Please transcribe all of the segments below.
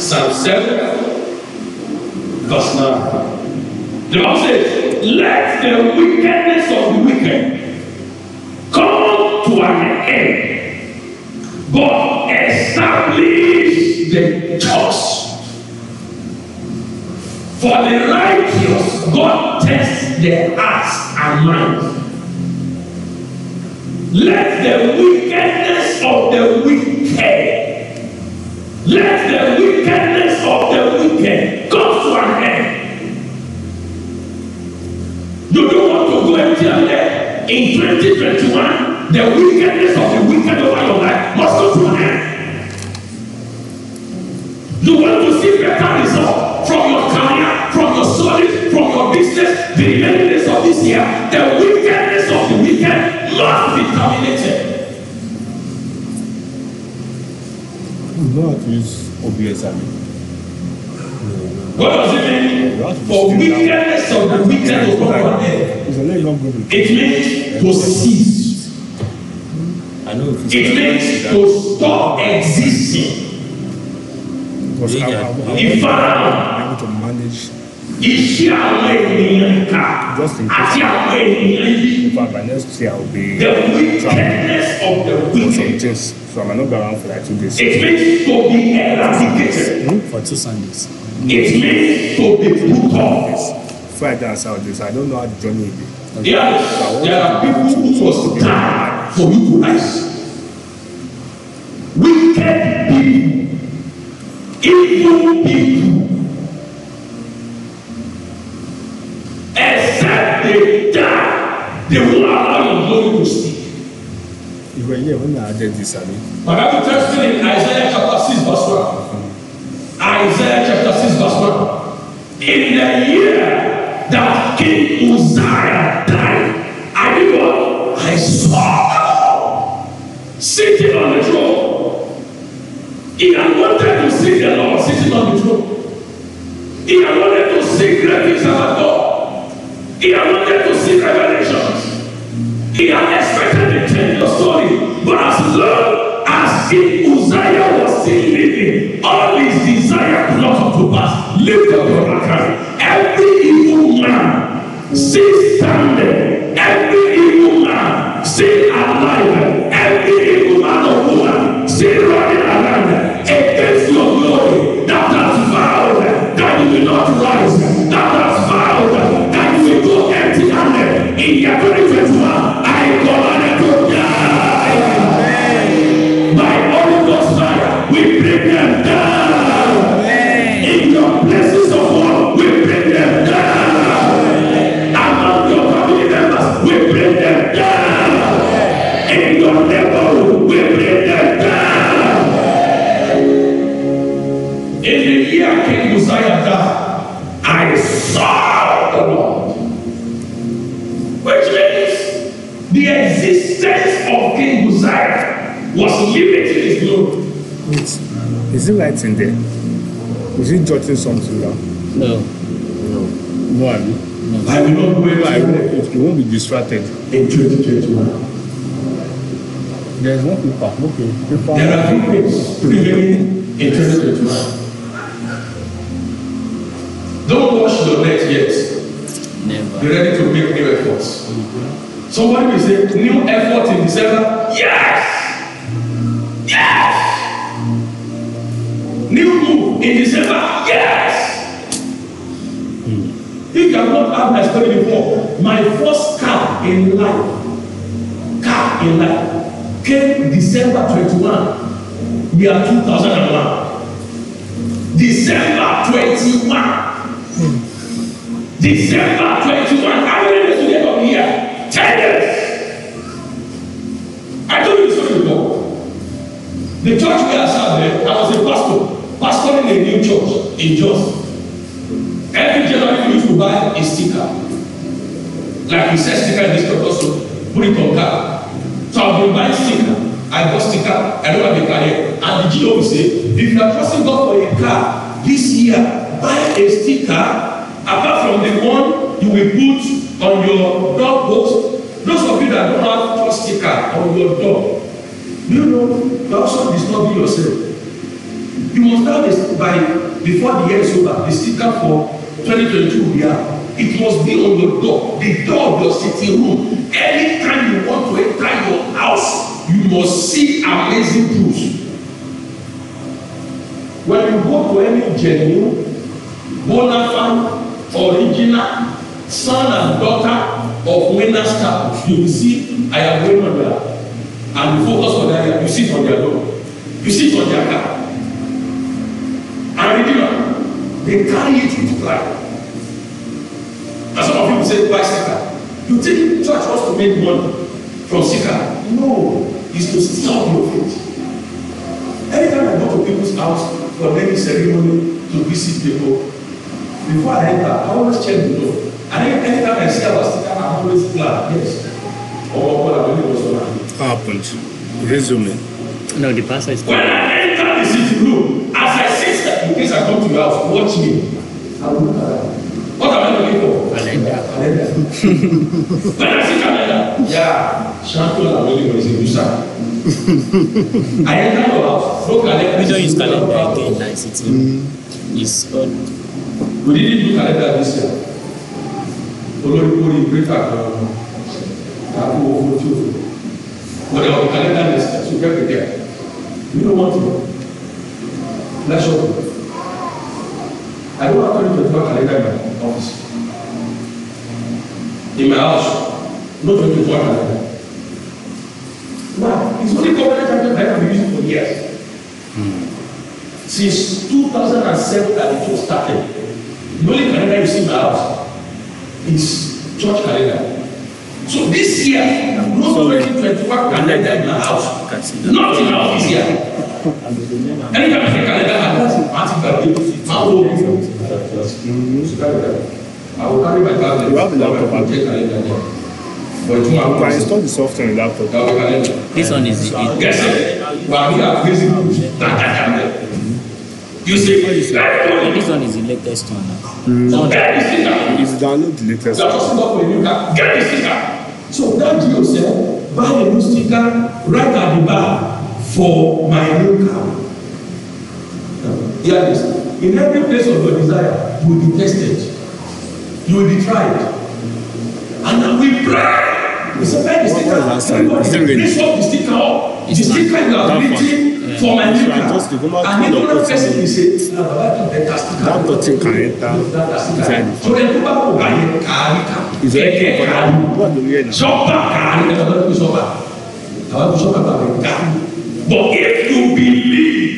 psalm 7, verse 9. The Bible says, Let the wickedness of the wicked come to an end, but establish the just. For the righteous, God tests their hearts and minds. Let the wickedness of the wicked, let wickedness of the wicked comes to an end. You don't want to go and tell them in 2021 the wickedness of the wicked over your life must come to an end. You want to see better results from your career, from your studies, from your business, the remaining of this year. The wickedness of the wicked must be terminated. That is obvious, I What does it mean? For wickedness of the wicked of come from It means to cease. It means to stop existing. If found iṣẹ́ In fact, wickedness of the wicked. so I'm not going for that two days. It means to be eradicated. Hmm? For two Sundays. It means to be put off. Friday and Saturday, so I don't know how the journey will be. Okay. Yeah, there are people who must die for you to rise. Wicked people, evil people. ilé wọn náà jẹ ti sàmì. Bàbá mi tẹ́sítì ní Isaiah chapter six verse one Isaiah chapter six verse one in the year that King Uzziah died I did what I saw sitting on the throne he had wanted to see the Lord sitting on the throne he had wanted to see great things about God he had wanted to see revelations. He had expected to change the story. But as long as if Uzziah was still living, all his desire brought to pass. Lift up your hand. Every evil man, sit standing. Every them down. he writing there? Is he jotting something down? No. No. No, I No. I will not wait. I you won't be distracted. In 2021. There is one paper. Okay. Paper. There are two papers prevailing in 2021. Don't wash your net yet. Never. Be ready to make new efforts. Mm-hmm. Somebody will say, new effort in December. Yes! Yes! new move in December. Yes! Hmm. If you have not heard my story before, my first car in life, car in life, came December 21, year 2001. December 21. Mm. December 21. How many days to you end of the year? 10 days. I told you the story before. The church we are serving, I was a pastor in Jos. Every January you to buy a sticker. Like we said, sticker in this store also, put it on car. So I've been buying sticker. I bought sticker, I don't have a car yet. And the GO will say, if you are trusting God for a car this year, buy a sticker apart from the one you will put on your door post. Those of you that don't have trust sticker on your door, you know, you also disturbing yourself. You must have a by before the year is over the sticker for 2022 we are it must be on your door the door of your sitting room anytime you want to enter your house you must see amazing proofs when you go to any genuine bona fide original son and daughter of winners camp you will see i am winner there and you focus on their you sit on their door you sit on their car curriculum, they carry it to cry. And some of you say, why seeker? You think church wants to make money from seeker? No, it's to stop your faith. Anytime I go to people's house for any ceremony to visit people, before I enter, I always check the door. And then anytime I see our seeker, I'm always glad, yes. Or oh, what I believe was what happened. Happened. Resume. No, the pastor is. When I enter the city room, as I in case I come to your house, watch me. What am I looking for? Calendar. when I see calendar, yeah, Chantal and Oliver is in Lusa. I enter your house, no calendar. We don't use calendar again, nice. It's, mm. it's odd. We didn't do calendar this year. olórí orí pétà kan tàbí owó tí o fò wọ́n dẹ̀ ọ̀rọ̀ kálẹ́ndà lẹ́sìn àti ìkẹ́kẹ̀ẹ́ you know what to do lẹ́sọ̀tún. I don't have any 24 calendar in my office. In my house, no 24 calendar. Now, it's only covenant calendar that I have been using for years. Hmm. Since 2007 that it was started, the only calendar you see in my house is church calendar. So this year, I'm not working 21 calendar in our house. Not in our office here. Any kind of calendar I have, I think I'll be I will carry my tablet. You have a laptop, I'll take calendar there. But you can install the software in laptop. This one is it. Yes, sir. But we are using that you see this one is the latest one Mm. That one is the It's download the latest one. That's not for you. Get this thing out. So that yourself, buy a new sticker right at the bar for my new car. Now, hear this. In every place of your desire, you will be tested. You will be tried. And we pray. We say, buy the sticker. Please stop the sticker. The sticker you are reading for my new car and ignorant person be say that nothing can enter inside the car. ìgbà kò bá yẹ kàárí ká kẹ̀kẹ́ kàárí sọ́pà kàárí ẹ̀ lọ́dọ̀ kí sọ́pà àwọn kí sọ́pà bá yẹ ká. but if you believe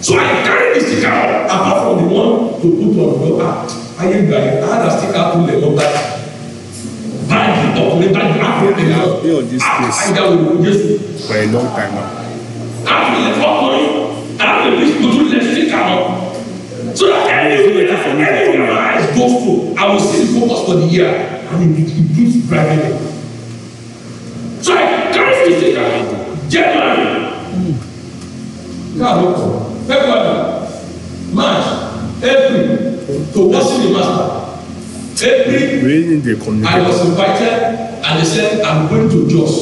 so I carry the sticker apart from the one to put on your back ayé gbà yẹ I had a sticker to lè lọ bá yẹ báyìí ọkùnrin báyìí láàfin ẹ̀yà àìdáwò ìwé Jésù. for a long time now àpilẹ̀ fọkùnrin àpilẹ̀ tuntun lè fi kàmọ́. so that every every my eyes go through I will see the focus for the year and it includes brightening. so I carry the figure January káàló February March April to worship the master. April I was invited and they said I'm going to Jos.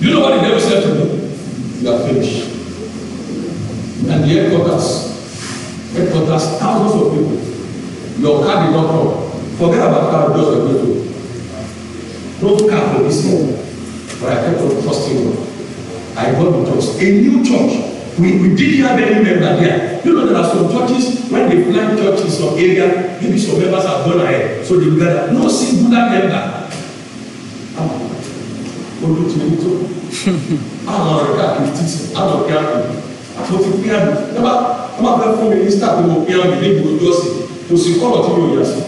You know what the devil said to me? you are finished. And the headquarters, headquarters, thousands of people. Your car did not come. Forget about car, Those are going to. No car for this year. But I kept on trusting God. I got the trust. A new church. We, we didn't have any member there. You know, there are some churches, when they plant churches in some area, maybe some members have gone ahead. So they gather. No singular member lójú ti ní tó àwọn ọ̀rẹ́ káàkiri títì àwọn ọ̀rẹ́ àpò àti ó ti pín àmì nígbà wọ́n máa fẹ́ fún mínísítà pé mo pín àmì níbi ojú ọ̀sẹ̀ kò sí kọ́lọ̀ tí mi ò yà sí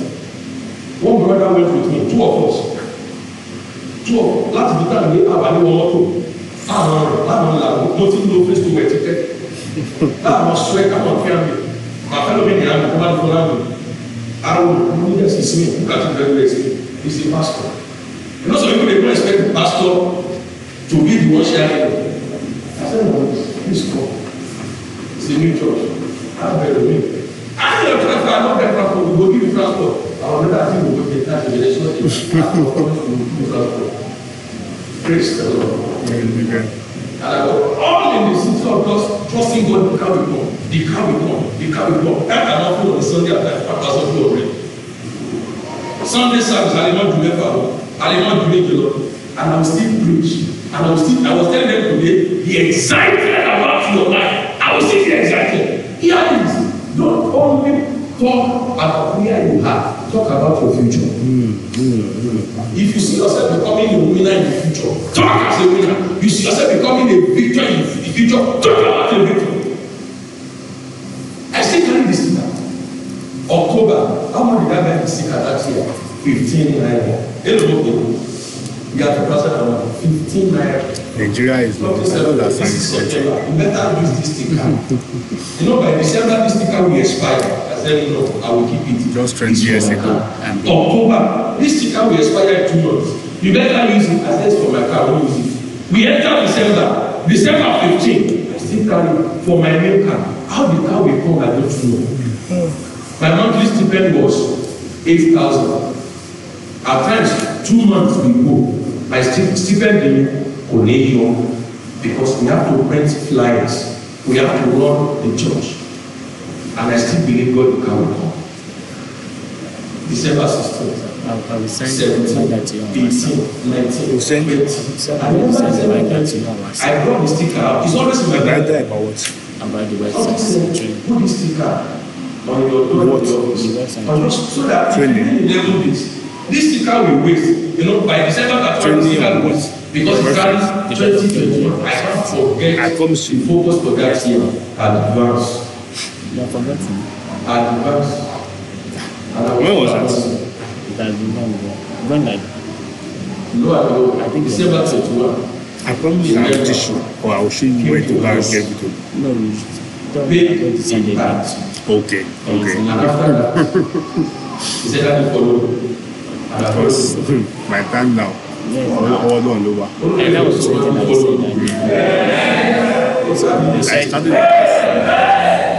one brother went with me two of us two of láti fi tàn ní àbálẹ́ wọn mọ́tò àwọn ọ̀rẹ́ láwọn làwọn mo ti ń lo face to face tẹ́ láwọn sọ ẹ̀ káwọn fi àmì màfẹ́lẹ́ mi ní àmì kó bá dùn láàmì àwọn olùkọ́ níjẹ̀ sí sí mi kó kàtí bẹ́ẹ̀ bẹ́ẹ̀ sí i is a pastor. You know, people they don't expect the pastor to be the one sharing. I said, no, please come. It's a new church. I'm very new. I don't know if I don't get transport, we go give you transport. I will never think we go get that generation. I will give you transport. Praise the Lord. Amen. And I go all in the city of God, trusting God, the car will come, the car will come, the car will come. That cannot happen on Sunday at that pastor already. Sunday service, I did not do that for I did not believe the Lord. And I'm still preach. And I'm still, I was telling them today, be excited about your life. I will still be excited. Hear this. Don't only talk about where you have talk about your future. Mm, mm, mm. If you see yourself becoming a winner in the future, talk as a winner. You see yourself becoming a victor in the future, talk about a victor. I still carry this thing now. October, how much did I buy the stick at that year? fifteen naira èlò ló kó yàtọ̀ pásítọ̀ àwọn fifteen naira. Nigeria is not the same as this is you better use this sticker you know by December this sticker will expire I said no I will keep it. just twenty years ago and October this sticker will expire in two months you better use it I said for my car I use it we enter December December fifteen I still carry for my new car how the car will come I don't know my monthly stipend was eight thousand at times two months we go my student dey kò ní yọ because we have to print flyers we have to run the church and I still believe God will come come December sixteen, Seventeen, eighteen, nineteen, twenty. I remember I said like I brought the sticker out. It's always in my bag. About what? About the website. Put the sticker on your door. your On your so that you level this. This sticker will waste. You know, by December that one sticker goes because it carries 2021. I can't forget I promise you. focus for that year. Advance. Advance. When was that? It has been long ago. When I no, I don't. I think December 21. I promise you I will teach you or I will show you where to go and get it. No, don't pay the impact. Okay, okay. And after that, he said, I will follow because my time now all ló wà. and that was something I said. I started the class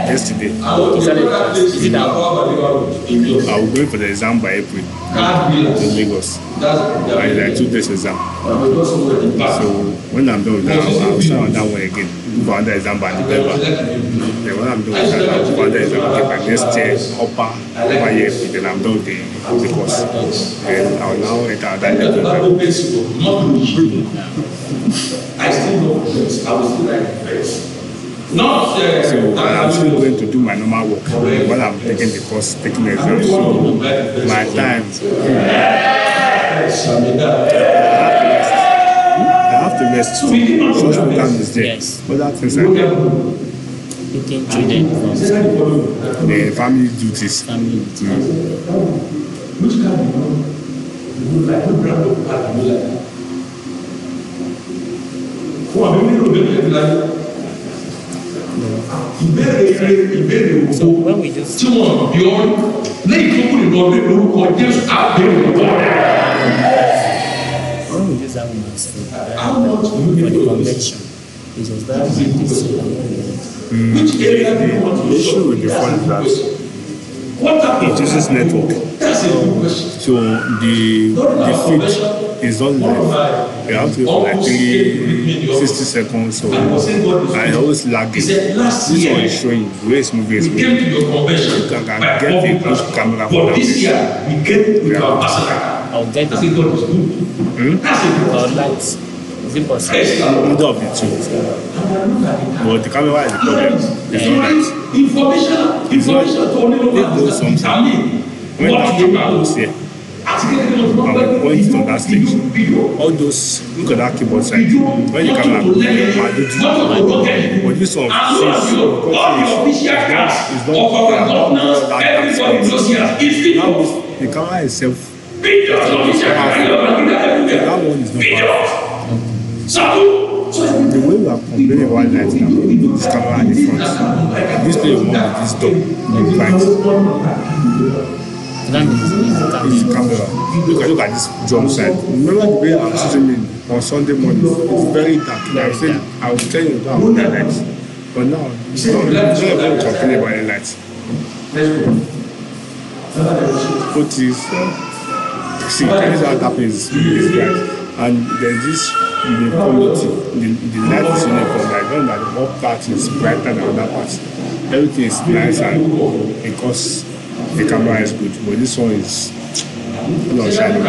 yesterday. You started Is it out? I was going for the exam by April in Lagos. I, I took this exam. So when I'm done with that, I'll start on that one again. For another exam by November the one I'm doing is that I've I still know this. I was still like this. Not, I'm still going to do my normal work while I'm taking the course, taking the exam. So my time. Yeah. I have to rest. Social program is there. Yes. But that's inside picking children from school. The family duties. Family duties. Mm. Fún àbí mi rò bẹ́ẹ̀ ní ẹ̀dínlá yìí. Ìbéèrè ilé ìbéèrè òwò tí wọ́n bí ọ́ lẹ́yìn tó kúrò lọ bí lórúkọ Jésù àbẹ̀wò bọ̀ rẹ̀. When we use that woman's food, convention. Hmm. Which area do you want to The issue with the phone is that it uses network. So the the feed is not live. You have to like three, 60 seconds. So I always lag it. This one is showing where it's moving. It's moving. You can, can get a good camera for This year, we came with our massacre. I'll get it. Hmm? Our lights is impossible. Middle of the two. But the camera is the Information, information to only know something. when that camera was here, when it's on that stage, all those, look at that keyboard side. When the camera, I do do But this one, since the country is not that stage. Now, the camera itself, that one is not powerful. The way we are complaining about lighting and this camera at the front, this player will not be this door, In fact, That camera. Look at, look at this drum side. Remember the way I was sitting in on Sunday morning? It's very dark. I was saying, I will tell you that I want light. But now, it's not, it's not even complaining about the light. What is, see, that is how it happens. And there's this in the polity. The, the light is uniform. I know that one part is brighter than other part. Everything is nice and because the camera is good, but this one is not shining.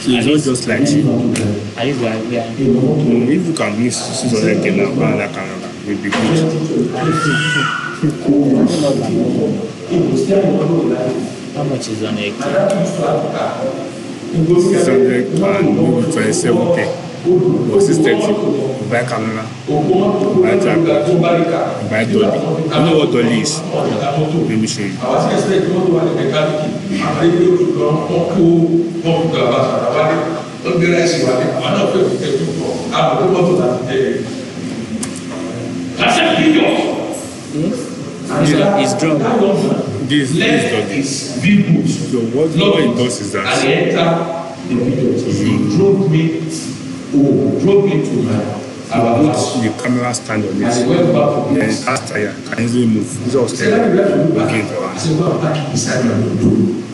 So it's not just light. At least we are. We are. Mm, if you can mix 600 K now, another camera will be good. How much is on a K? 600 and maybe 27K consistent you buy camera you buy tripod you buy dolly is let me show hmm? This, is people. So what, what is that oh, drove me to my our camera stand on this. And went back for yes. Past tire can easily move. It's all steady. Again So go and park it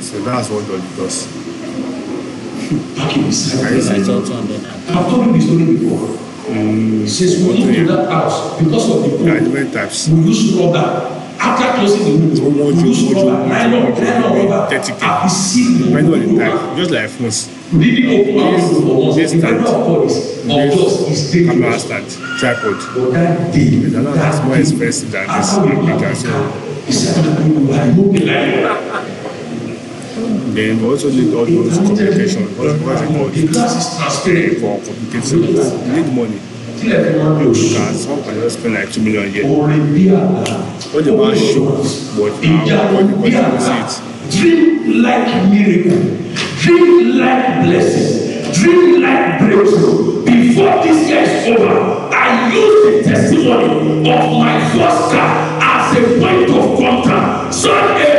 So that's what God does. Park it beside my I've told you this story before. Mm, Since we moved to that house because of the pool, yeah, different types. we use rubber. After closing the window, we use rubber, nylon, nylon rubber. At the ceiling, just like phones. Leading open houses for once. The value of God is of course is taking. Constant tripod. But that day, that was more expensive than this Africa. So. Then we also need all those communication. What what is called? For communication, you need money. You can some can just spend like two million a year. What the man show, but now what the Dream like miracle. Dream like blessing, dream like breakthrough. Before this year is over, I use the testimony of my first car as a point of contact. So a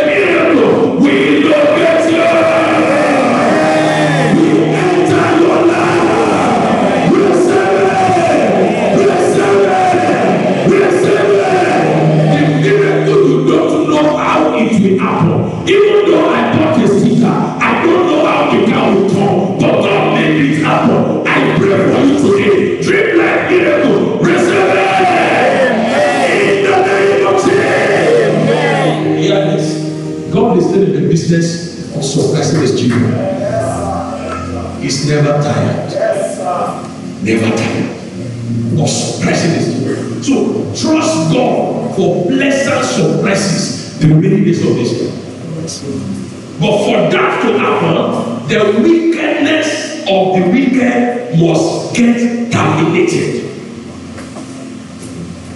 the wickedness of the wicked must get terminated.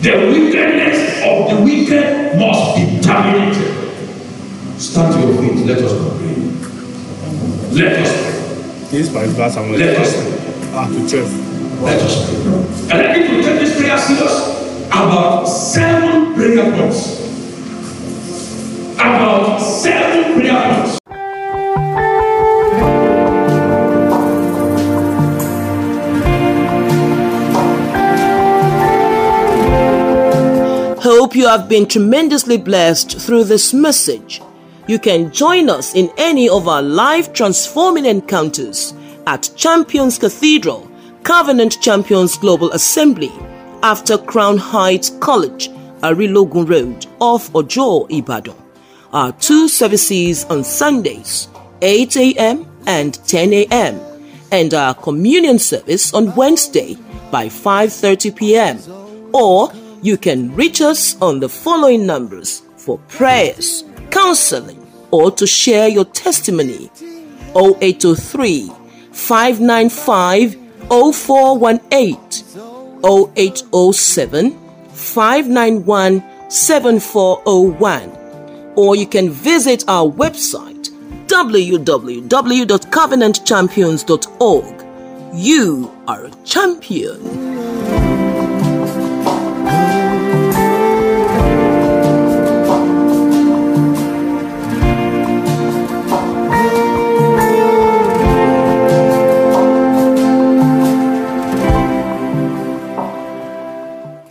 The wickedness of the wicked must be terminated. Stand to your feet. Let us pray. Let us pray. This by verse and Let us pray. Ah, to 12. Let us pray. And I need to take this prayer serious about seven prayer points. About seven prayer points. Hope you have been tremendously blessed through this message. You can join us in any of our live transforming encounters at Champions Cathedral, Covenant Champions Global Assembly, after Crown Heights College, Arilogun Road, off Ojo, Ibadan. Our two services on Sundays, 8 a.m. and 10 a.m., and our communion service on Wednesday by 5:30 p.m. Or you can reach us on the following numbers for prayers, counseling, or to share your testimony 0803 595 0418 0807 591 7401 or you can visit our website www.covenantchampions.org. You are a champion.